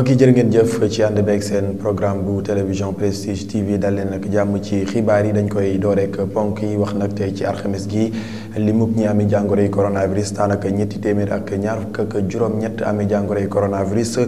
mbokk yi jërë ngeen jëf ci ànd beeg seen programme bu télévision Prestige TV dal leen nag jàmm ci xibaar yi dañ koy door rek ponk yi wax nag tey ci alxames gi. limub ñi amee jàngoro yi coronavirus daanaka ñetti téeméer ak ñaar fukk ak juróom-ñett amee jàngoro yi coronavirus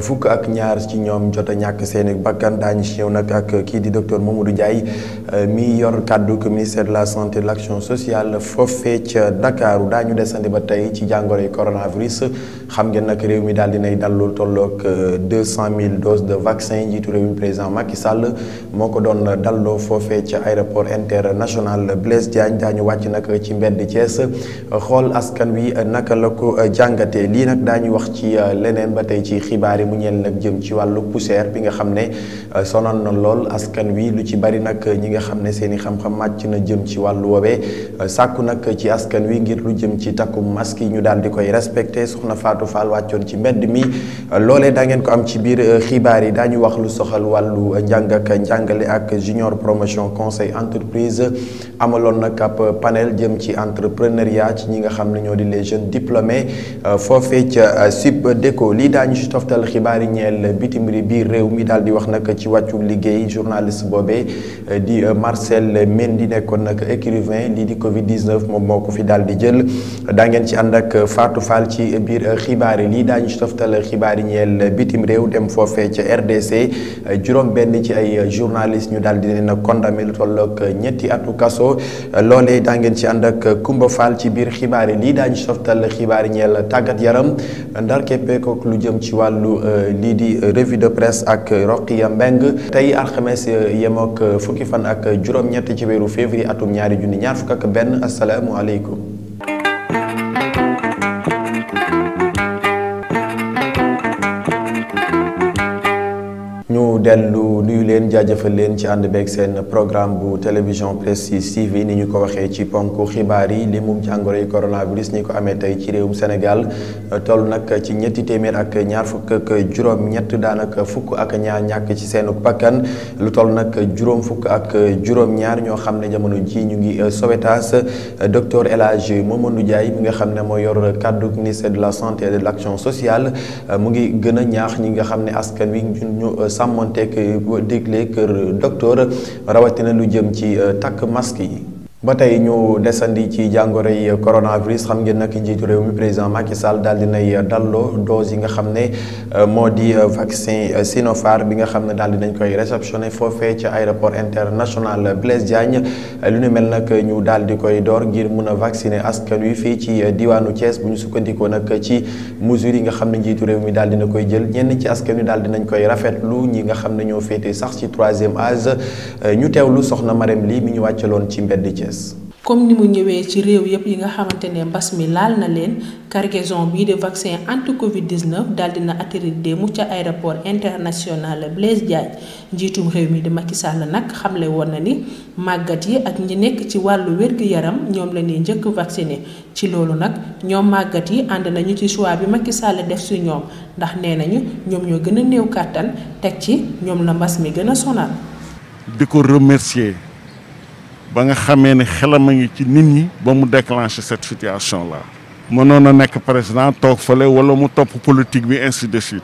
fukk ak ñaar ci ñoom jot a ñàkk seeni bakkan daañu ci ñëw nag ak kii di docteur Mamadou jaay euh, mi yor kàddu ko ministère de la santé et de l'action sociale foofee ca Dakar daañu desandi ba tey ci jàngoro yi coronavirus xam ngeen nag réew mi daal dinay dal lu tolloog euh, deux cent mille doses de vaccin njiitu réew mi président Macky Sall moo ko doon dalloo foofee ca aéroport international Blaise Diagne mbedd Thiès xool askan wi naka la ko jàngatee lii nag daa daañu wax ci euh, leneen ba tey ci xibaar yi mu ñeel nag jëm ci wàllu poussière bi nga xam ne euh, sonoon na lool askan wi lu ci bari nag ñi nga xam ne seen i xam-xam màcc na jëm ci wàllu woowee euh, sàkku nag ci askan wi ngir lu jëm ci takkum masque yi ñu daal di koy respecté na faatu Fall wàccoon ci mbedd mi loolee da ngeen ko am ci biir xibaar yi daañu wax lu soxal wàllu njàng ak njàngale ak junior promotion conseil entreprise ci entrepreneuriat ci ñi nga xam ne ñoo di les jeunes diplômés euh, foofee ca euh, SUPDECO lii daañu ci toftal xibaari ñeel bitim biir réew mi daal di wax nag ci wàccu liggéey journaliste boobee euh, di Marcel di nekkoon nag écrivain lii di Covid 19 moom moo ko fi daal di jël daangeen ci ànd ak faatu Fall ci biir xibaar xibaari lii daañu ci xibaar xibaari ñeel bitim réew dem foofee ca RDC juróom benn ci ay journaliste ñu daal di leen lu tollook ñetti atu kaso loolee ak Kumba Fall ci biir xibaar yi lii daañu softal xibaar ñee la tàggat yaram ndar keppeekook lu jëm ci wàllu euh, lii di revue de presse ak Roqiya Mbeng tey alxames euh, yemook fukki fan ak juróom-ñett ci weeru février atum ñaari junni ñaar fukk ak benn asalaamualeykum ñu dellu nuyu leen jaajëfal leen ci ànd beeg seen programme bu télévision Prestige TV ni ñu ko waxee ci ponk xibaar yi li mu jàngoro yi coronavirus ñi ko amee tey ci réewum Sénégal toll nag ci ñetti téeméer ak ñaar fukk ak juróom-ñett daanaka fukk ak ñaar ñàkk ci seenu bakkan lu toll nag juróom fukk ak juróom-ñaar ñoo xam ne jamono ji ñu ngi euh, Sowétas docteur moom Hadj nu jaay mi nga xam ne moo yor kàddu ministère de la santé et de l' sociale euh, mu ngi gën a ñaax ñi nga xam ne askan wi ñu sàmmonteeg digle kër docteur rawatina lu jëm ci euh, takk mask yi. ba tey ñu desandi ci jàngoro yi coronavirus xam ngeen nag njiitu réew mi président Macky Sall daal di nay dalloo dose yi nga xam ne euh, moo di euh, vaccin euh, Sinopharm bi nga xam ne daal di nañ koy réceptionné foofee ca aéroport international Blaise Diagne lu ni mel nag ñu daal di koy door ngir mun a vacciner askan wi fii ci diwaanu Thiès bu ñu sukkandikoo nag ci mesures yi nga xam ne njiitu réew mi daal dina koy jël ñenn ci askan wi daal di nañ koy rafetlu ñi nga xam ne ñoo sax ci troisième âge ñu teewlu soxna Marème lii mi ñu wàccaloon ci mbedd Thiès. comme ni mu ñëwee ci réew yépp yi nga xamante ne mbas mi laal na leen cargaison bii de vaccin anti Covid 19 daal dina atterrir démb ca aéroport international Blaise Diagne njiitum réew mi di Macky Sall nag xamle woon na ni màggat yi ak ñi nekk ci wàllu wér yaram ñoom la ne njëkk vacciné ci loolu nag ñoo màggat yi ànd nañu ci choix bi Macky Sall def si ñoom ndax nee nañu ñoom ñoo gën a néew kàttan teg ci ñoom la mbas mi gën a sonal. di ba nga xamee ne xelam a ngi ci nit ñi ba mu déclenché cette situation là mënoon a nekk président toog fale wala mu topp politique bi ainsi de suite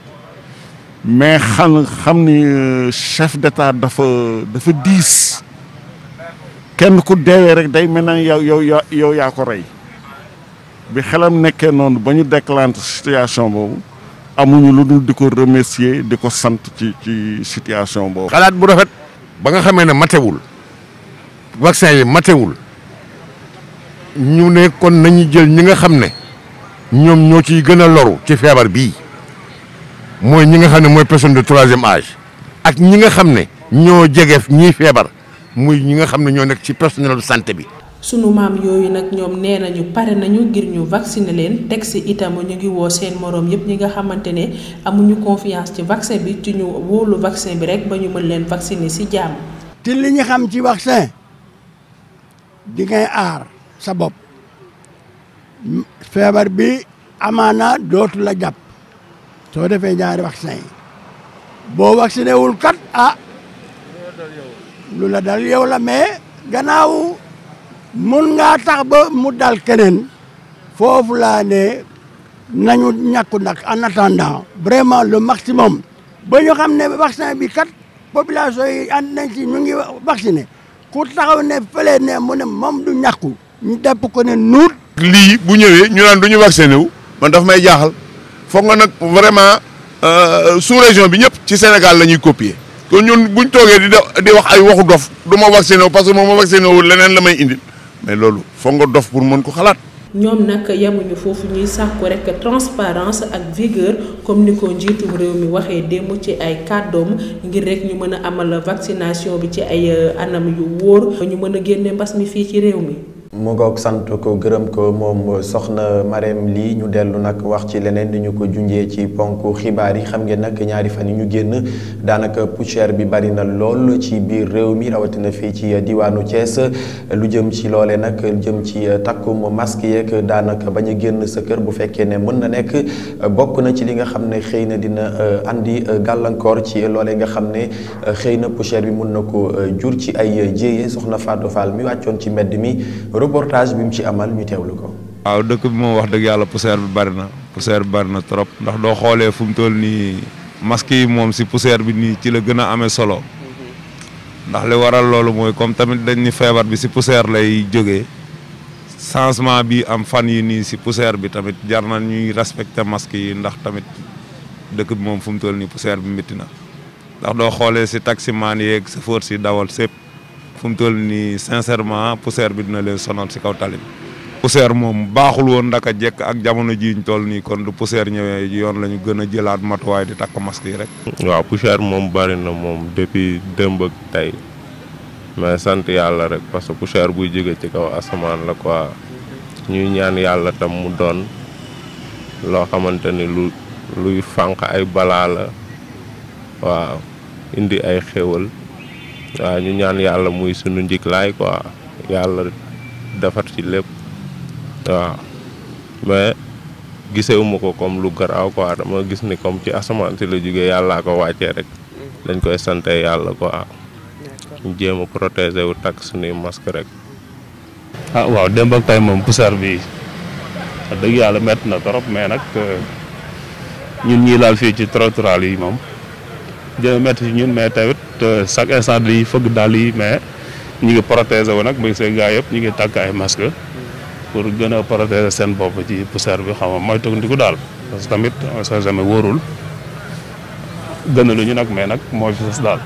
mais xam xam ni euh, chef d'état dafa dafa diis kenn ku deewee rek day mel na yow yow yow yaa ko rey bi xelam nekkee noonu ba ñu déclante situation boobu amuñu lu dul di ko remercier di ko sant ci ci situation boobu. xalaat bu rafet ba nga xamee ne matewul. vaccin yi matewul ñu ne kon nañu jël ñi nga xam ne ñoom ñoo ciy gën a loru ci feebar bii mooy ñi nga xam ne mooy personne de troisième âge ak ñi nga xam ne ñoo jegeef ñiy feebar muy ñi nga xam ne ñoo nekk ci personnel de santé bi. sunu maam yooyu nag ñoom nee nañu pare nañu ngir ñu vacciner leen teg si itam ñu ngi woo seen moroom yépp ñi nga xamante ne amuñu confiance ci vaccin bi ci ñu wóolu vaccin bi rek ba ñu mën leen vacciner si jàmm. te li ñu xam ci vaccin. di ngay aar sa bopp feebar bi amaana dootul a jàpp soo defee ñaari vaccin yi boo vacciné wul kat ah lu la dal yow la mais gannaaw mun ngaa tax ba mu dal keneen foofu laa ne nañu ñàkku nag en attendant vraiment lu maximum ba ñu xam ne vaccin bi kat population yi ànd nañ ci ñu ngi vacciné ku taxaw ne fële ne mu ne moom du ñàkku ñu jàpp ko ne nuut. lii bu ñëwee ñu naan du ñu vacciné wu man daf may jaaxal foog nga nag vraiment euh, sous région bi ñëpp ci Sénégal la ñuy copier. kon ñun buñ toogee di di wax ay waxu dof du ma vacciné wu parce que moom ma vacciné wu leneen la may indil mais loolu foog nga dof pour mën ko xalaat. ñoom nag yemuñu foofu ñuy sàkku rek transparence ak vigueur comme ni ko njiitum réew mi waxee démb ci ay kàddoom ngir rek ñu mën a amal vaccination bi ci ay anam yu wóor ñu mën a génne mbas mi fii ci réew mi mu sant ko gërëm ko moom soxna Marème lii ñu dellu nag wax ci leneen ni ñu ko junjee ci ponk xibaar yi xam ngeen nag ñaari fan yi ñu génn daanaka poussière bi bari na lool ci biir réew mi rawatina fii ci diwaanu Thiès lu jëm ci loole nag lu jëm ci takkum mask yeeg daanaka bañ génn sa kër bu fekkee ne mën na nekk bokk na ci li nga xam ne xëy na dina euh, andi euh, gàllankoor ci loole nga xam ne euh, xëy na poussière bi mun na ko jur ci ay jéeye soxna Fatou Fall mi wàccoon ci mbedd mi reportage bi mu ci amal ñu teewlu ko. waaw dëkk bi moom wax dëgg yàlla poussière bi bari na poussière bi bari na trop ndax doo xoolee fu mu toll nii masque yi moom si poussière bi nii ci la gën a amee solo ndax li waral loolu mooy comme tamit dañ ni feebar bi si poussière lay jógee changement bi am fan yi nii si poussière bi tamit jar na ñuy respecter masque yi ndax tamit dëkk bi moom fu mu toll nii poussière bi métti na ndax doo xoolee si taximaan yeeg sa force si dawal sépp fu toll nii sincèrement poussière bi dina leen sonoon ci kaw tali bi poussière moom baaxul woon ndaka jekk ak jamono jiiñ toll nii kon du poussière ñëwee yoon lañu ñu gën a jëlaat matuwaay di takk masque rek. waa poussière moom bari na moom depuis démb ak tey mais sant yàlla rek parce que poussière buy jóge ci kaw asamaan la ko ñuy ñaan yàlla tam mu doon loo xamante ni lu luy fànq ay balaa la waaw indi ay xéwal. waaw ñu ñaan yàlla muy sunu njiglaay quoi yàlla defar ci lépp waa mais gisewuma ko comme lu garaaw quoi dama gis ni comme ci asamaan si la jógee yàllaa ko wàccee rek mm-hmm. dañ koy sante yàlla quoi ñu jéem a protéger wu takk suñuy masque rek ah waaw démb ak tey moom poussière bi wax dëgg yàlla metti na trop mais nag euh, ñun ñii laal fii ci trottoir yi moom dina métti ci ñun mais tamit te chaque instant dañuy fëgg dàll yi mais ñu ngi protéger wu nag bu gisee gars yëpp ñu ngi tàkk ay masque pour gën a seen bopp ci poussière bi xam nga mooy tëggandiku daal parce que tamit on sait jamais wóorul gën a ñu nag mais nag mooy fi des daal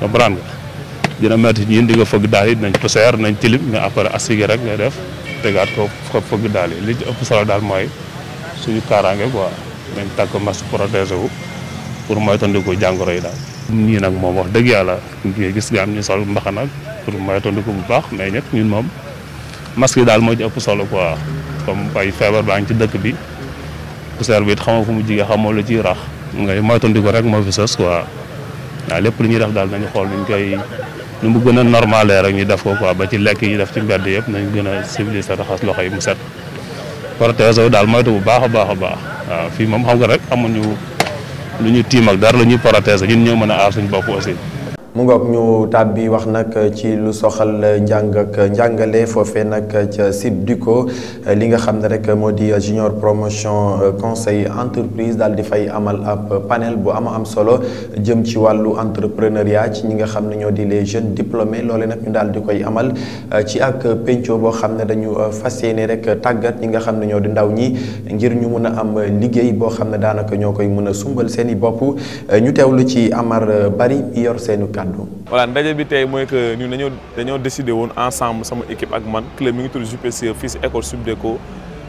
comprendre nga dina métti ñun di nga fëgg daal yi dinañ poussière nañ tilim mais après assigé rek ngay def tegaat ko fëgg daal yi li ci ëpp solo daal mooy suñu kaaraange quoi nañ tàkk masque protéger wu pour moytandiku jàngoro yi daal. nii nag moom wax dëgg yàlla gis nga am ñu sol mbaxana pour moytandiku bu baax mais ñëpp ñun moom masque daal moo ci ëpp solo quoi comme ay feebar baa ngi ci dëkk bi poussière bi it xamoo fu mu jigee xamoo lu ciy rax ngay moytandiku rek moo fi sës quoi waaw lépp lu ñuy def daal nañu xool nuñ koy nu mu gën a normalé rek ñu def ko quoi ba ci lekk yi def ci mbedd yëpp nañ gën a civilisé raxas loxo yi mu set protège daal moytu bu baax a baax a baax waaw moom xam nga rek amuñu. lu ñu tiimal dara la ñuy protéger ñun ñoo mën a aar suñu bopp aussi mu ngoog ñu tàbbi wax nag ci lu soxal njàng njàngale foofe nag ca diko li nga xam ne rek moo di junior promotion conseil entreprise daal di fay amal ab panel bu ama am solo jëm ci wàllu entrepreneuriat ci ñi nga xam ne ñoo di les jeunes diplômés loole nag ñu daal di koy amal euh, ci ak penco boo xam ne dañu euh, fas yéene rek tàggat ñi nga xam ne ñoo di ndaw ñi ngir ñu mun a am liggéey boo xam ne daanaka ñoo koy mun a sumbal seen i bopp euh, ñu teewlu ci Amar Bari kàddu. voilà ndaje bi tey mooy que ñun dañoo dañoo décidé woon ensemble sama équipe ak man club mi ngi tudd JPCE fii si école Subdeco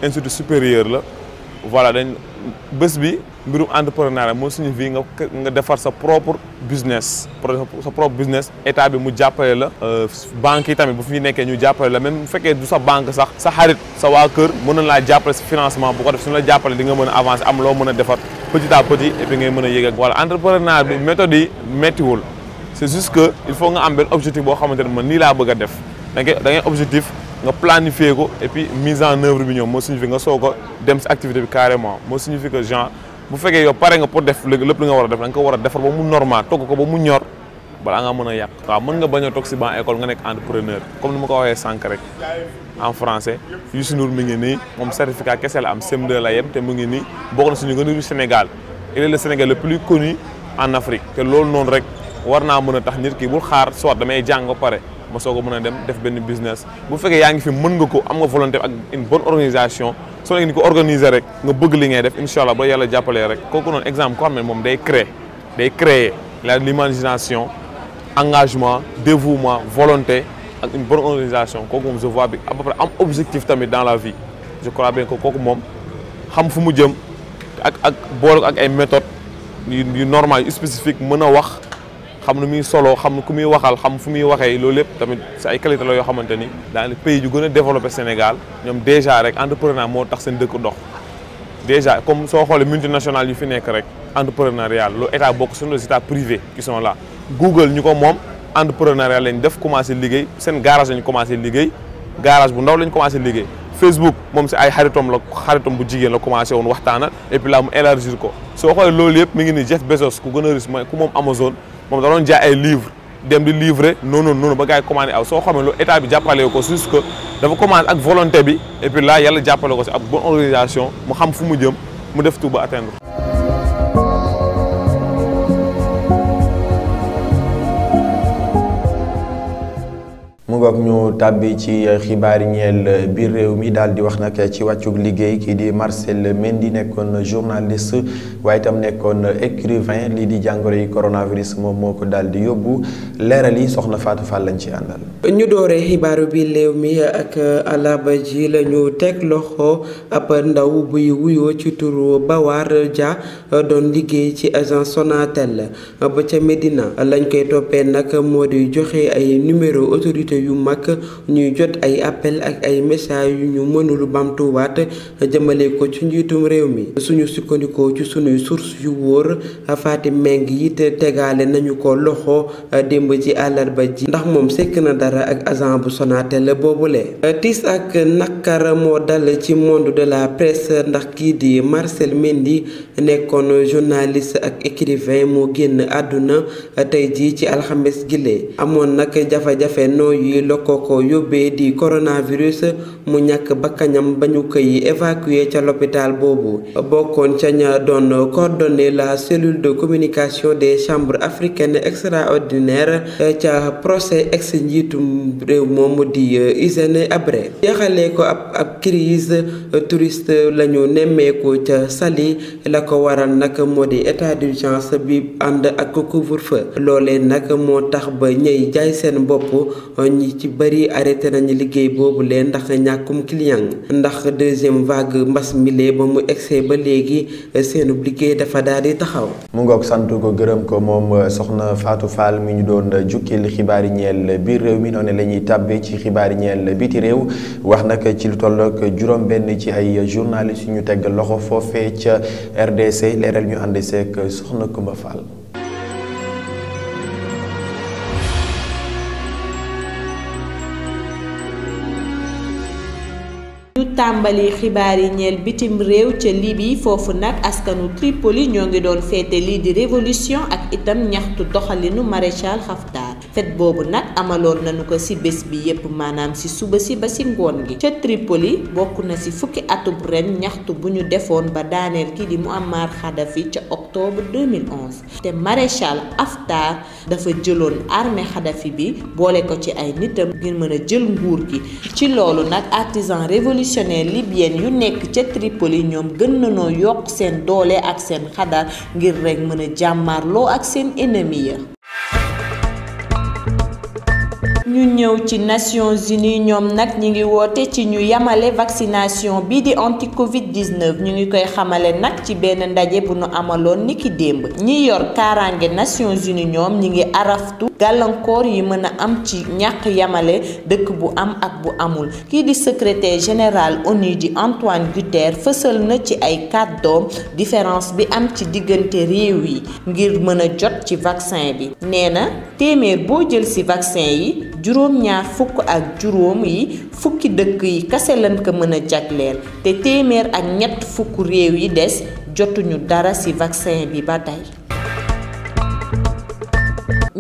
institut supérieur la voilà dañ bés bi mbirum entrepreneuriat moo suñu vie nga nga defar sa propre business sa propre business état bi mu jàppale la euh, banque yi tamit bu fi nekkee ñu jàppale la même bu fekkee du sa banque sax sa xarit sa waa kër mën na laa jàppale si financement bu ko def suñu la jàppale di nga mën a avancer am loo mën a defar petit à petit ngay mën a yéeg ak wala entrepreneuriat bi méthode yi méttiwul c'est juste que il faut nga am benn objectif boo xamante ne man nii laa bëgg a def da ngay da ngay objectif nga planifier ko et mise en œuvre bi ñoom moo signifie nga soog a dem si activité bi carrément moo signifie que genre bu fekkee yow pare nga pour def lépp li nga war a def da nga war a defar ba mu normal togg ko ba mu ñor balaa nga mën a yàq. waaw mën nga bañ a toog si ban école nga nekk entrepreneur comme ni ma ko waxee sànq rek en français Youssou Ndour mi ngi nii moom certificat kese la am cm la yem te mu ngi nii bokk na suñu Sénégal il est le Sénégal le plus loolu noonu rek. war naa mën a tax nit ki bu xaar soit damay jàng ba pare ma soog mën a dem def benn business bu fekkee yaa ngi fi mën nga ko am nga volonté ak une bonne organisation soo nekk ni ko organiser rek nga bëgg li ngay def incha allah ba yàlla jàppalee rek kooku noonu exemple koo xam ne moom day créer day créer la l'imagination engagement dévouement volonté ak une bonne organisation kooku moom je vois bi à peu près am objectif tamit dans la vie je crois bien que kooku moom xam fu mu jëm ak ak boole ak ay méthodes yu normal spécifique mën a wax xam nu muy solo xam ku muy waxal xam fu muy waxee loolu lépp tamit si ay qualité la yoo xamante ni dans les pays yu gën a Sénégal ñoom déjà rek entrepreneur moo tax seen dëkk dox comme soo xoolee multinationales yu fi nekk rek entrepreneurial lu état bokk sur les états privés qui sont là Google ñu ko moom entrepreneurial lañ def commencé liggéey seen garage lañ commencé liggéey garage bu ndaw lañ commencé liggéey Facebook moom si ay xaritom bu jigéen la commencé woon waxtaanal et puis mu soo xoolee loolu yëpp mi ngi ni Jeff Bezos ku gën a riche ku moom Amazon moom da doon jaay ay livre dem di livrer noonu noonu ba gars yi commandé aw soo xamee loolu état bi jàppale ko juste que dafa commencé ak volonté bi et puis là yàlla jàppale ko si ak bonne organisation mu xam fu mu jëm mu def tout ba ngoog ñu tàbbi ci xibaar yi ñeel biir réew mi daal di wax nag ci wàccug liggéey kii di Marcel Mendy nekkoon journaliste waaye tam nekkoon écrivain lii di jàngoro yi coronavirus moom moo ko daal di yóbbu leeral yi soxna Fatou Fall lañ ci àndal. ñu dooree xibaaru biir réew mi ak alaba ji la ñu teg loxo ab ndaw buy wuyo ci turu Bawar ja doon liggéey ci agence Sonatel ba ca Medina lañ koy toppee nag moo di joxe ay numéro autorité yu. yu mag ñuy jot ay appel ak ay message yu ñu mënul bamtuwaat jëmale ko ci njiitum réew mi suñu sukkandikoo ci suñuy source yu wóor Fatim Meng te tegaale nañu ko loxo démb ci àllarba ji ndax moom sekk na dara ak agent bu Sonatel boobule tiis ak nakar moo dal ci monde de la presse ndax kii di Marcel Mendy nekkoon journaliste ak écrivain moo génn àdduna tey jii ci alxames gile amoon nag jafe-jafe noo la ko ko yóbbee di coronavirus mu ñàkk bakkanam ba ñu koy évacuer ca l'hôpital boobu bokkoon ca ña doon coordonner la cellule de communication des chambres africaines extraordinaires euh, ca procès ex njiitu réew moomu di euh, ne Habré jeexalee ko ab ab crise euh, touriste lañu nemmeeku ca sali la ko waral nag moo di état d'urgence bi ànd ak couvre-feu loolee nag moo tax ba ñëy jaay seen bopp ñi ci bëri arrêté nañu liggéey boobu leen ndax ñàkkum client ndax deuxième vague mbas mile ba mu egsee ba léegi seenub liggéey dafa daal di taxaw. mu ngook sant ko gërëm ko moom soxna faatu Fall mu ñu doon jukkil xibaari ñeel biir réew mi noonu la ñuy tàbbee ci xibaari ñeel biti réew wax nag ci lu tollook juróom-benn ci ay journalistes yu ñu teg loxo foofee ca RDC leeral ñu ànd seeg soxna Kumba Fall. tàmbali xibaar yi ñeel bitim réew ca Libye foofu nag askanu Tripoli ñoo ngi doon féete lii di révolution ak itam ñaxtu doxalinu maréchal Haftar fête boobu nag amaloon nañu ko ci bés bi yépp maanaam ci suba si ba ci ngoon gi ca Tripoli bokk na ci fukki atub ren ñaxtu bu ñu defoon ba daaneel ki di Muammar Kadhafi ca octobre 2011 te maréchal Haftar dafa jëloon armée Kadhafi bi boole ko ci ay nitam ngir mën a jël nguur gi ci loolu nag artisan révolutionnaire libyen yu nekk ca Tripoli ñoom gën nañoo yokk seen doole ak seen xadar ngir rekk mën a jàmmarloo ak seen ennemi ya ñu ñëw ci Nations Unies ñoom nag ñi ngi woote ci ñu yamale vaccination bii di anti Covid 19 ñu ngi koy xamale nag ci benn ndaje bu nu amaloon niki démb ñi yor kaaraange Nations Unies ñoom ñi ngi araftu gàllankoor yi mën a am ci ñàkk yamale dëkk bu am ak bu amul kii di secrétaire général ONU di Antoine Guterres fësal na ci ay kàddoom différence bi am ci diggante réew yi ngir mën a jot ci vaccin bi nee na téeméer boo jël si vaccin yi juróom-ñaar fukk ak juróom yi fukki dëkk yi kase lañ ko mëna a jagleel te téeméer ak ñett fukk réew yi des jotuñu dara ci vaccin bi ba tey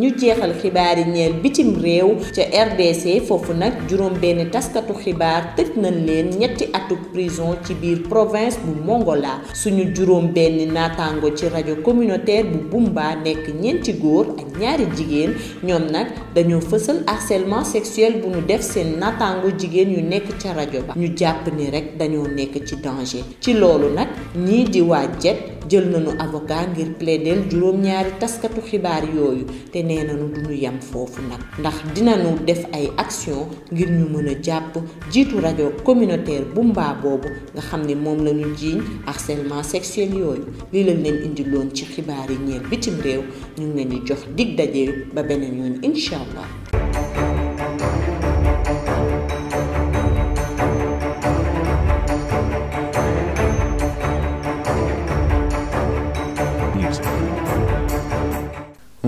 ñu jeexal xibaar yi ñeel bitim réew ca RDC foofu nag juróom benn taskatu xibaar tëj nañ leen ñetti atuk prison ci biir province bu Mongola suñu juróom benni naataango ci rajo communautaire bu Bumba nekk ñeenti góor ak ñaari jigéen ñoom nag dañoo fësal harcèlement sexuel bu ñu def seen naataango jigéen yu nekk ca rajo ba ñu jàpp ni rek dañoo nekk ci danger ci loolu nag ñii di waa jet jël nañu avocat ngir plaider juróom-ñaari taskatu xibaar yooyu te nee nañu duñu yem foofu nag ndax dinañu def ay action ngir ñu mën a jàpp jiitu rajo communautaire bu boobu nga xam ne moom lañu ñu jiiñ harcèlement sexuel yooyu lii lañ leen indiloon ci xibaar yi ñeel bitim réew ñu ngi leen di jox digg daje ba beneen yoon incha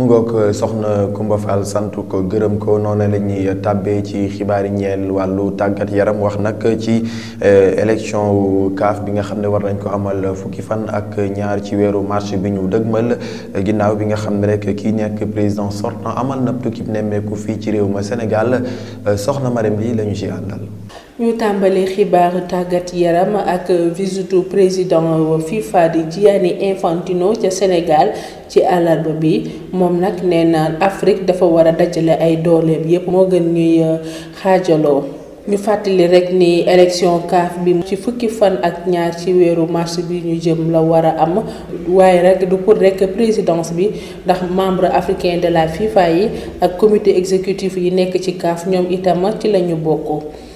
ngoog soxna Coumba Fall sant ko gërëm ko noonu la ñuy tàbbee ci xibaar yi ñeel wàllu tàggat yaram wax nag ci eh, élection CAF bi nga xam ne war nañ ko amal fukki fan ak ñaar ci weeru mars bi ñu dëgmal ginnaaw bi nga xam ne rek kii nekk président sortant amal na tukki nemmeeku fii ci réew ma Sénégal soxna Marème lii la ñu ci àndal. ñu tàmbali xibaaru tàggat yaram ak visitu président FIFA di Gianni Infantino ca Sénégal ci àllarba bi moom nag nee na Afrique dafa war a dajale ay dooleem yépp moo gën ñuy euh, xaajaloo. ñu fàttali rekk ni élection CAF bi ci fukki fan ak ñaar ci weeru mars bi ñu jëm la war a am waaye rekk du pour rekk présidence bi ndax membre africain de la FIFA yi ak comité exécutif yi nekk ci CAF ñoom itam ci lañu bokk.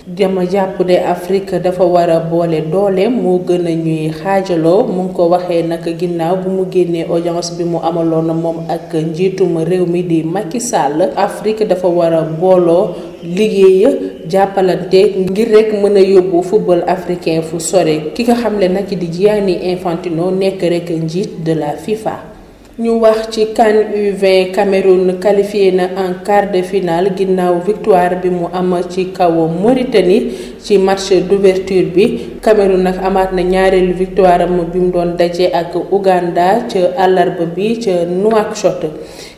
dama jàpp de Afrique dafa war a boole doole moo gën a ñuy xaajaloo mu ngi ko waxee nag ginnaaw bu mu génnee audience bi mu amaloon moom ak njiitum réew mi di Macky Sall Afrique dafa war a booloo liggéey jàppalante ngir rekk mën a yóbbu football africain fu sore ki nga xam ne nag di Gianni Infantino nekk rek njiit de la FIFA. ñu wax ci CAN U20 Cameroun na en quart de finale ginnaaw victoire bi mu am ci kaw Mauritanie ci match d'ouverture bi Cameroun nag amaat na ñaareelu victoire am bi mu doon daje ak Ouganda ca àllarba bi ca Nouakchott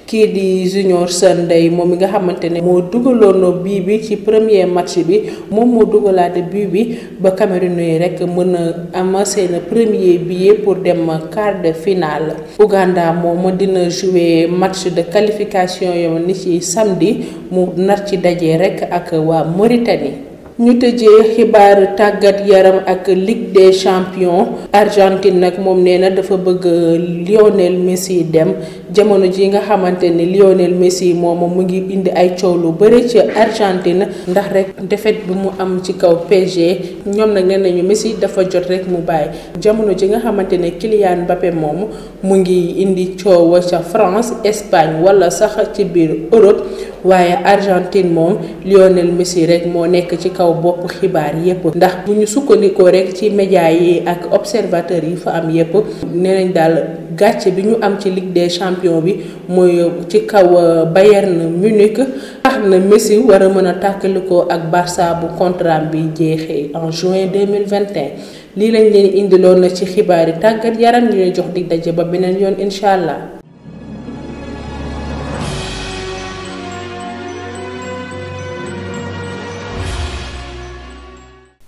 kii di Junior Sunday moom mi nga xamante ne moo dugaloon bii bi ci premier match bi moom moo dugalaate bii bi ba Cameroun yi rek mën a am seen premier billet pour dem quart de finale. Ouganda moom dina jouer match de qualification yoon ni ci samedi mu nar ci daje rek ak waa Mauritanie. ñu tëjee xibaar tàggat yaram ak Ligue des champions Argentine nag moom nee na dafa bëgg Lionel Messi dem jamono ji nga xamante ne Lionel Messi moom mu ngi indi ay coow lu bëri ci Argentine ndax rek défaite bi mu am ci kaw PSG ñoom nag nee nañu Messi dafa jot rek mu bàyyi jamono ji nga xamante ne kiliyaan bappe moomu mu ngi indi coow ca France Espagne wala sax ci biir Europe. waaye Argentine moom Lionel Messi rek moo nekk ci kaw bopp xibaar yépp ndax bu ñu sukkandikoo rek ci média yi ak observateur yi fa am yépp nee nañ daal gàcce bi ñu am ci lig de champion bi mooy ci kaw euh, Bayern Munich tax na Messi war a mën a tàkkalikoo ak Barça bu contrat bi jeexee en juin 2021 lii lañ leen indiloon na ci xibaari tàggat yaram ñu jox di daje ba beneen yoon incha allah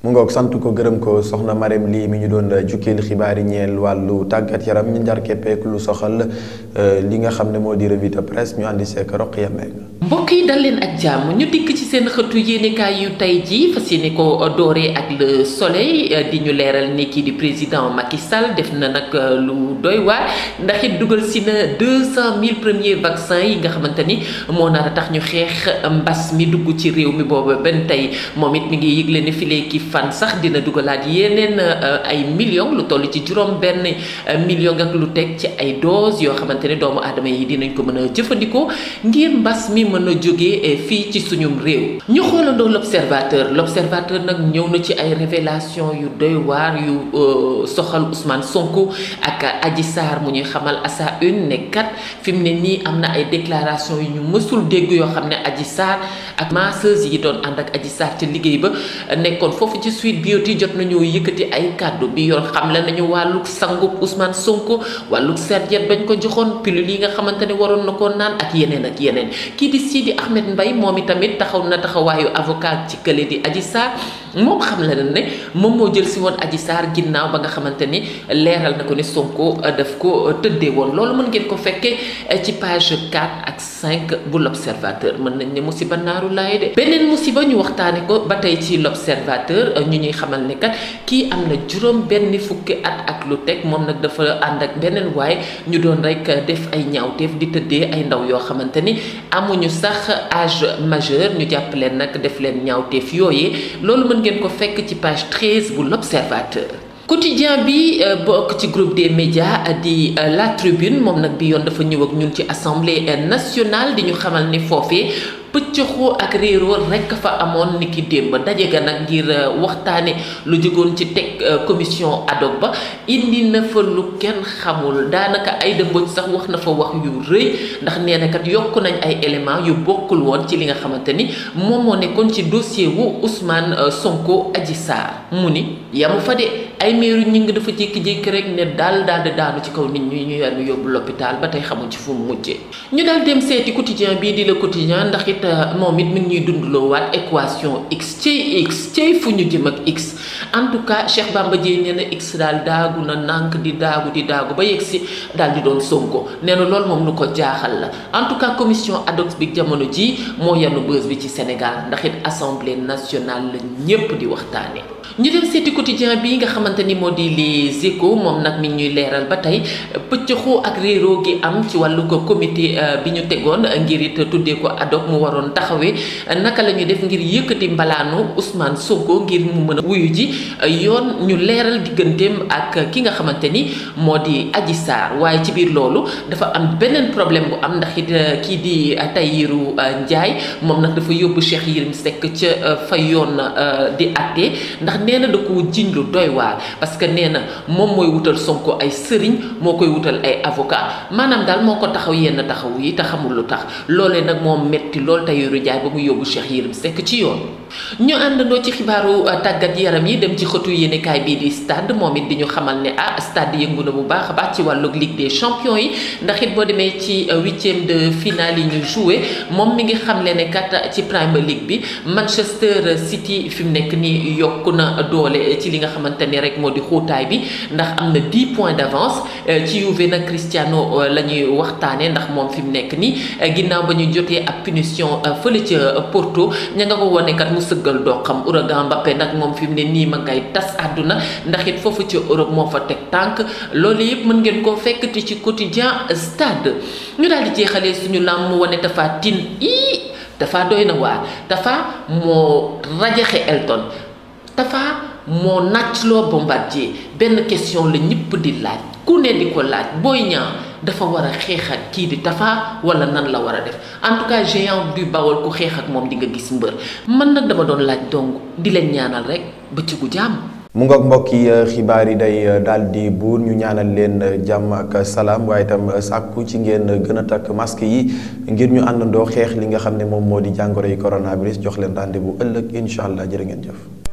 mu ngoog sant ko gërëm ko soxna Marème lii mi ñu doon jukkil xibaari ñeel wàllu tàggat yaram ñu njar keppeek lu soxal euh, li nga xam ne moo di revue de ñu àndi seek roq yameeg mbokk yi dal leen ak jàmm ñu dikk ci seen xëtu kaay yu tey jii si ni ko dooree ak le soleil euh, di ñu leeral ni kii di président Macky Sall def na nag euh, lu doy waar ndax it dugal si na deux cent mille premiers vaccins yi nga xamante ni moo nar a tax ñu xeex mbas mi dugg ci réew mi boobu benn tey moom it mi ngi yëgle ne filee ki fan sax dina dugalaat yeneen euh, ay millions lu toll ci juróom benn euh, million ak lu teg ci ay doses yoo xamante ne doomu aadama yi dinañ ko mën a jëfandikoo ngir mbas mi mën a euh, fii ci suñum réew. ñu xoolandoo l'observateur l'observateur nag ñëw na ci ay révélation yu doy waar yu soxal Ousmane Sonko ak aji Sarr mu ñuy xamal à sa une ne kat fi mu ne nii am na ay déclaration yu ñu mësul dégg yoo xam ne Adji Sarr ak masseuses yi doon ànd ak Adji Sarr ci liggéey ba ci Sweet Beauty jot nañoo yëkkati ay kàddu bi yor xamle nañu wàllug sangu Ousmane Sonko wàllug serviette bañ ko joxoon pilule yi nga xamante ne waroon na koo naan ak yeneen ak yeneen kii di Sidi Ahmed mbay moom itamit taxaw na taxawaayu avocat ci kële di Adji Sarr moom xam la ne moom moo jël si woon Adji Sarr ginnaaw ba nga xamante ni leeral na ko ne Sonko euh, daf ko euh, tëddee woon loolu mën ngeen ko fekkee euh, ci page 4 ak 5 bu l'observateur mën nañ ne musiba naaru laay de beneen musiba ñu waxtaane ko ba tey ci l'observateur ñu ñuy xamal ni kat kii am na juróom benni fukki at ak lu teg moom nag dafa ànd ak beneen waaye ñu doon rek def ay ñaawteef di tëddee ay ndaw yoo xamante ni amuñu sax age majeur ñu jàpp leen nag def leen ñaawteef yooyee loolu mën ngeen ko fekk ci page 13 bu l'Observateur quotidien bi euh, bokk ci groupe des médias euh, di euh, La Tribune moom nag bi yoon dafa ñëw ak ñun ci assemblée nationale di ñu xamal ne foofee pëccëxoo ak réeroo rekk fa amoon niki ba daje ga nag ngir euh, waxtaane lu jógoon ci teg euh, commission ad hoc ba indi na fa lu kenn xamul daanaka ay dëmbooj sax wax na fa wax yu rëy ndax nee na yokk nañ ay éléments yu bokkul woon ci li nga xamante ni moom moo nekkoon ci dossier wu Ousmane euh, Sonko Adji Sarr mu ni yamu fa de ay meeru ñi ngi dafa jékki-jékki rek ne daal daal di daanu ci kaw nit ñu yor yóbbu l'hôpital ba tey xamuñ ci fu mu mujjee ñu daal dem seeti quotidien bii di la quotidien ndax it euh, moom it mi ngi ñuy dundloo waat équation x ci x ci fu ñu jëm ak x en tout cas Cheikh Bamba Dièye nee na x daal daagu na nànk di daagu di daagu ba yegg si daal di doon Sonko nee na loolu moom lu ko jaaxal la en tout cas commission ad bi jamono ji moo yanu bës bi ci Sénégal ndax it assemblée nationale la ñépp di waxtaane xamante ni moo di les échos moom nag mi ñuy leeral ba tey pëccëxoo ak réeroo gi am ci wàllu ko comité euh, bi ñu tegoon ngir it tuddee ko ad mu waroon taxawee naka la def ngir yëkkati mbalaanu usmaan Sonko ngir mu mën a wuyu ji yoon ñu leeral digganteem ak ki nga xamante ni moo di Adji Sarr waaye ci biir loolu dafa am beneen problème bu am ndax it euh, kii di euh, Tahirou Ndiaye moom nag dafa yóbbu Cheikh Yérim Seck ca fa yoon di àtte ndax nee na da ko jiñ lu doy waar droit parce que nee na moom mooy wutal Sonko ay sëriñ moo koy wutal ay avocat maanaam daal moo ko taxaw yenn taxawu yi te xamul lu tax loole nag moo metti lool Tahirou Ndiaye ba mu yóbbu Cheikh Yérim Seck ci yoon ñu àndandoo ci xibaaru euh, tàggat yaram yi dem ci xëtu yéenekaay bii di stade moom it di ñu xamal ne ah stade yëngu na bu baax a baax ci wàllug Ligue des champions yi ndax boo demee ci euh, huitième de finale yi ñu joué moom mi ngi xamle ne kat ci Premier League bi Manchester City fi mu nekk nii yokku na doole ci li nga xamante rek moo di xóotaay bi ndax am na 10 points d'avance euh, ci Juve nag Cristiano euh, la ñuy waxtaanee ndax moom fi mu nekk nii euh, ginnaaw ba ñu jotee ab punition fële ca Porto ña nga ko wone kat mu sëggal dox doxam Ouragan Mbappé nag moom fi mu ne nii ma ngay tas àdduna ndaxit foofu ca Europe moo fa teg tànk loolu yëpp mën ngeen koo fekkati ci quotidien stade ñu daal di jeexalee suñu làmb mu wone Tapha tin ii Tapha doy na waar dafa moo rajaxe Elton Tapha moo nàccloo bombardier benn question la ñëpp di laaj ku ne di ko laaj Boy Niang dafa war a xeex kii di Tapha wala nan la war a def en tout cas bi du Bawol ku xeex ak moom di nga gis mbër man nag dama doon laaj dong di leen ñaanal rek bëccëgu jàmm. mu nga mbokk yi euh, xibaar yi day euh, daal di buur ñu ñaanal leen euh, jàmm ak salaam waaye itam sàkku ci ngeen gën a takk masque yi ngir ñu àndandoo xeex li nga xam ne moom moo di jàngoro yi coronavirus jox leen rendez-vous ëllëg incha allah jërë ngeen jëf.